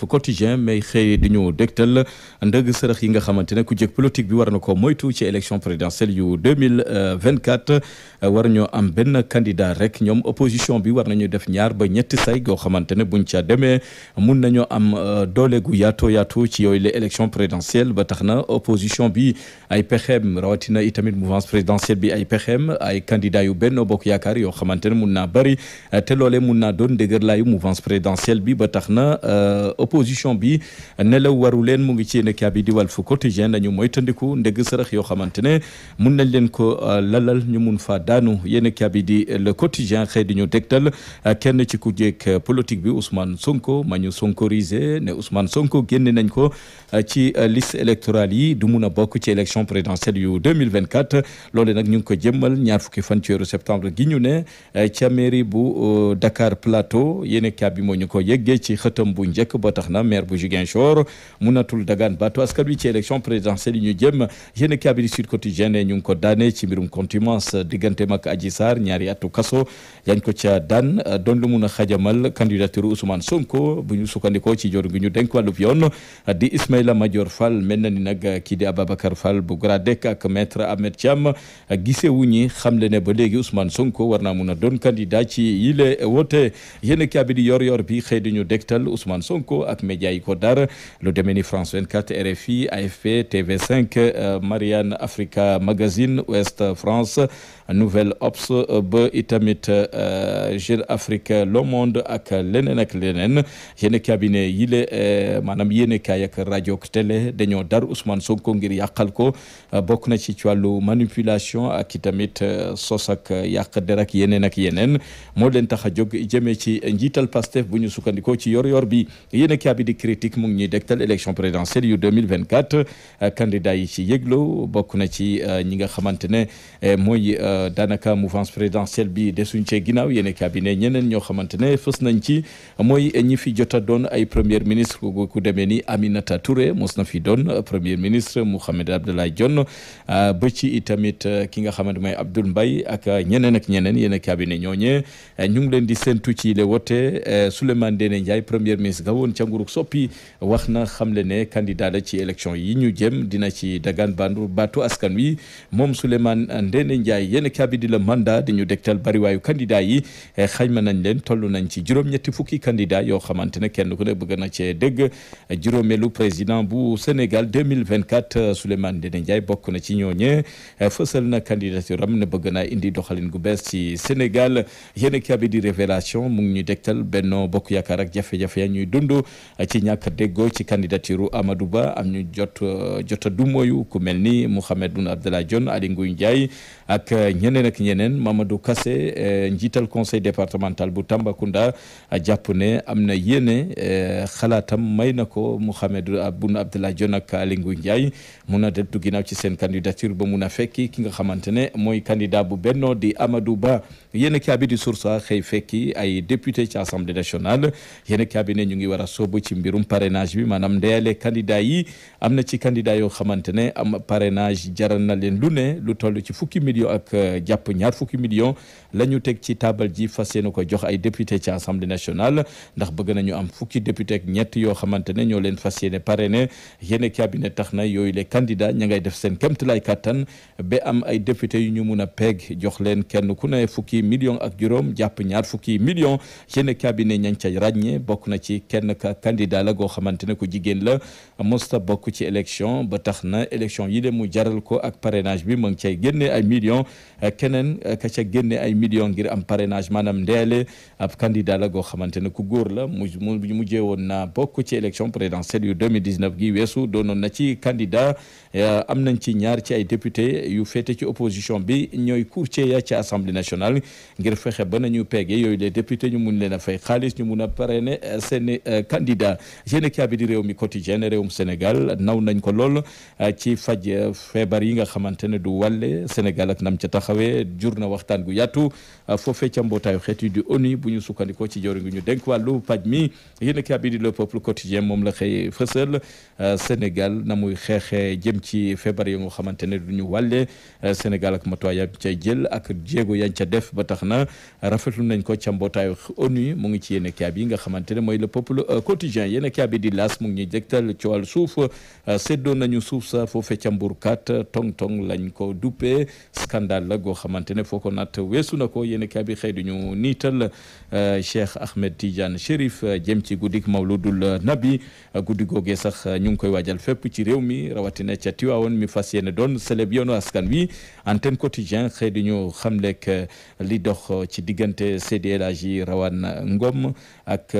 Walf Quotidien may xëy di ñu dégtal ndëgg sërëx yi nga xamante ne ku jëkk politique bi war na ko moytu ci élection présidentielle yu 2024 euh, war ñoo am benn candidat rek ñoom opposition bi war nañu def ñaar ba ñetti say goo xamante ne buñ ca demee mun nañoo am euh, dole gu yaato yaatu ci yooyu la élection présidentielle ba tax na opposition bi ay pexeem rawatina itamit mouvance présidentielle bi ay pexeem ay candidat yu benn bokk yaakaar yoo xamante ne mun naa bari euh, te loole mun naa doon dëgër laayu mouvance présidentielle bi ba tax na opposition bi nelaw waru leen mu ngi ci yéen a bi di Walf Quotidien nañu mooy tëndiku ndëgg ko euh, lalal ñu mun fa daanu yéen a bi di euh, Le Quotidien xëy di ñu dégtal euh, kenn ci ku jeeg politique bi Ousmane Sonko ma ñu sonkorisé ne Ousmane Sonko génne nañ ko ci liste électorale yi du mun a bokk ci élection présidentielle yu 2024 loole nag ñu ngi ko jëmmal ñaar fukki fan ci weeru septembre gi ñu ne ca mairie bu Dakar Plateau yéen a moo ñu ko ci xëtam bu njëkk tax na maire bu Ziguinchor munatul dagaan baatu askan wi ci élection présidentielle yi ñu jëm yéen a kaabiri Sud Quotidien ñu ko daane ci mbirum contumace digganteem ak Adji Sarr ñaari atu kaso yañ ko ca daan doon lu mun a xajamal candidature Ousmane Sonko bu ñu sukkandikoo ci jor gi ñu denk wàllub yoon di Ismaïla Madior Fall mel na ni nag kii di Ababacar Fall bu Gradec ak maître Ahmed Thiam gisee wu ñi xam le ne ba léegi Ousmane Sonko war naa mun a doon candidat ci yile wote yéen a kaabiri yor-yor bi xëy di ak média yi ko dar lu demee ni France 24 RFI AFP TV5 Marianne Africa Magazine Ouest France Nouvelle Obs ba itamit euh, Jeune Afrique Le Monde ak leneen ak leneen yéen cabinet yi le euh, maanaam yéen rajo télé dañoo dar Ousmane ko ngir yàqal ko euh, bokk na ci ci wàllu manipulation ak itamit sos ak yàq der ak yeneen ak yeneen moo leen tax a jóg jëmee ci njiital Pastef bu ñu sukkandikoo ci yor-yor bi yéen yéenekaay bi di critique mu ngi ñuy dégtal élection présidentielle yu 2024 euh, candidat yi ci yëgloo bokk na ci euh, ñi nga xamante ne euh, mooy daanaka mouvance présidentielle bi desuñ cee ginnaaw yéenekaay bi ne ñeneen ñoo xamante ne fës nañ ci ñi fi jot a doon ay premier ministre ku demee ni Aminata Touré mos na fi doon premier ministre Mouhamed Abdoulaye Dione ba ci itamit ki nga xamante mooy Abdoul Mbaye ak ñeneen ak ñeneen yéenekaay séntu ci le wote Souleymane Ndéné Ndiaye nguruk soppi wax na xamle ne candidat la ci élection yi ñu jëm dina ci dagaan bandu baatu askan wi moom Souleymane Ndéné Ndiaye yenn kaabi di la mandat di ñu dégtal bariwaayu candidat yi eh, xayma nañ leen toll nañ ci juróom fukki candidat yoo xamante ne kenn ku ne bëgg na cee dégg juróomeelu président bu Sénégal 2024 Souleymane Ndéné Ndiaye bokk na ci ñooñe eh, fësal na candidature am ne bëgg naa indi doxalin gu bees ci Sénégal yenn kaabi di révélation mu ñu dégtal Benno Bokk Yaakaar ak jafe-jafe ya ñuy dund ci ñàkk déggoo ci candidature amadu Ba am ñu jot jot a dumooyu ku mel ni Mouhamedoune Abdallah Dionne Ali Nguy Ndiaye ak ñeneen ak ñeneen Mamadou Kassé eh, njiital conseil départemental bu Tambacounda jàpp ne am na yéene eh, xalaatam may na ko Mouhamedoune Abdallah Dionne ak Ali Nguy Ndiaye mun a deltu ginnaaw ci seen candidature ba mun a fekki ki nga xamante ne mooy candidat bu Benno di amadu Ba yéen a kii abi di xëy fekki ay député ci assemblée nationale yéen a kii soobu ci mbirum parrainage bi maanaam ndeyalee candidat yi am na ci candidat yoo xamante ne am parrainage jaral na leen lu ne lu toll ci fukki million ak euh, jàpp ñaar fukki million la ñu teg ci taabal ji fas yéene ko jox ay député ci assemblée nationale ndax bëgg nañu am fukki député ak ñett yoo xamante ne ñoo leen fas yéene parrainé yéene cabinet tax na yooyu les candidats ña ngay def seen kéemtalaay kattan ba am ay député yu ñu mun a peeg jox leen kenn ku ne fukki million ak juróom jàpp ñaar fukki million yéene cabinet ñañ ca ràññee bokk na ci kenn nag candidat la goo xamante ne ku jigéen la mosta bokk ci élection ba tax na élection yi de mu jaral ko ak parrainage bi mu ngi cay génne ay millions keneen ka ca génne ay millions ngir am parrainage maanaam ndeele ab candidat la goo xamante ne ku góor la mu mujjee woon na bokk ci élection présidentielle yu 2019 gi weesu doonoon na ci candidat eh, am na ci ñaar ci ay député yu féete ci opposition bi ñooy courtier ya ci assemblée nationale ngir fexe ba nañu ñu mun leen a fay xaalis ñu a candidat yéen a bi di réew mi quotidien réewum Sénégal naw nañ ko lool ah, ci faj eh, feebar yi nga xamante ne du wàlle Sénégal ak nam ca taxawee jur na waxtaan gu yaatu ah, foofee ca mbootaayu xeet yi ONU bu ñu sukkandikoo ci jawriñ gi ñu dénk wàllu paj mi yéen a bi di le peuple quotidien moom la xëy fësal ah, Sénégal na muy xeexee jëm ci feebar yi nga xamante ne du ñu wàlle Sénégal ak matuwaay ya ca jël ak jéego yañ ca def ba tax na rafetlu nañ ko ca mbootaayu quotidien yéen a kii abi di laas mu ngi ñuy jégtal ci wàllu suuf euh, séddoo nañu suuf sa foofee ca mburkat tong-tong lañu ko dupe scandale la goo xamante ne foo ko naat weesu na ko yéen a kii abi xëy duñu niital euh, Cheikh Ahmed Tidiane sherif euh, jëm ci guddik Mawludul Nabi guddi googee sax ñu ngi koy waajal fépp ci réew mi rawatina ca Tiwaawoon mi fas yéene doon célèbre yoon askan wi antenne quotidien xëy duñu xamlek li dox ci diggante Seydi El Hadji Rawane Ngom ak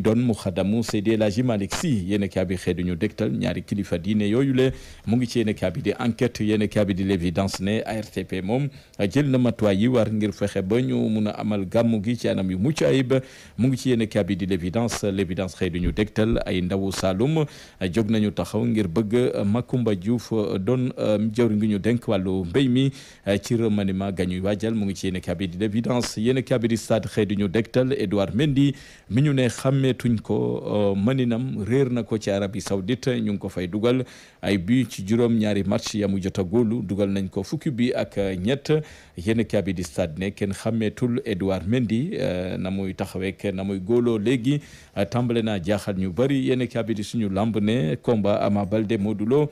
lay doon mu xadamu Seydi El Hadji Malick Sy yéen a kaabi xëy ñu dégtal ñaari kilifa diine yooyu le mu ngi ci yéen a kaabi di enquête yéen a kaabi di l'évidence ne ARTP moom jël na matuwaay yi war ngir fexe ba ñu mun a amal gàmmu gi ci anam yu mucc ayib mu ngi ci yéen a kaabi di l'évidence l'évidence xëy ñu dégtal ay ndawu Saloum jóg nañu taxaw ngir bëgg Makumba Diouf doon um, jawri ngi ñu denk wàllu mbéy mi uh, ci remaniement gañuy waajal mu ngi ci yéen a kaabi di l'évidence yéen a di stade xëy ñu dégtal Edouard Mendy mi ñu ne xàmme mëneetuñ ko euh, mëninam réer na ko ci Arabie Saoudite ñu ngi ko fay dugal ay bi ci juróom ñaari match yamu jot a dugal nañ ko fukki bi ak ñett yéen kaabi di stade ne kenn xàmmeetul Edouard Mendy euh, na muy taxaweek na muy góoloo léegi euh, tàmbale naa jaaxal ñu bëri yéen kaabi di suñu lamb ne combat Ama Baldé Modou juróom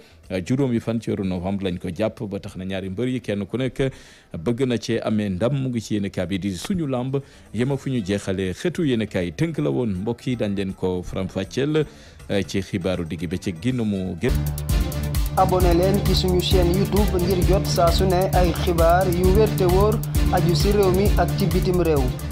juróomi fan ci weeru novembre lañ ko jàpp ba tax na ñaari mbër yi kenn ku nekk bëgg na cee amee ndam mu ngi ci yéen kaabi di suñu lamb yema fu ñu jeexalee xetu yéen yi dañ leen ko faram-fàcceel eh, ci xibaaru digg bëccëg gi nu mu gën. abonné leen ci suñu chaîne youtube ngir jot saa su ne ay xibaar yu wér te wóor aju si réew mi ak ci bitim réew.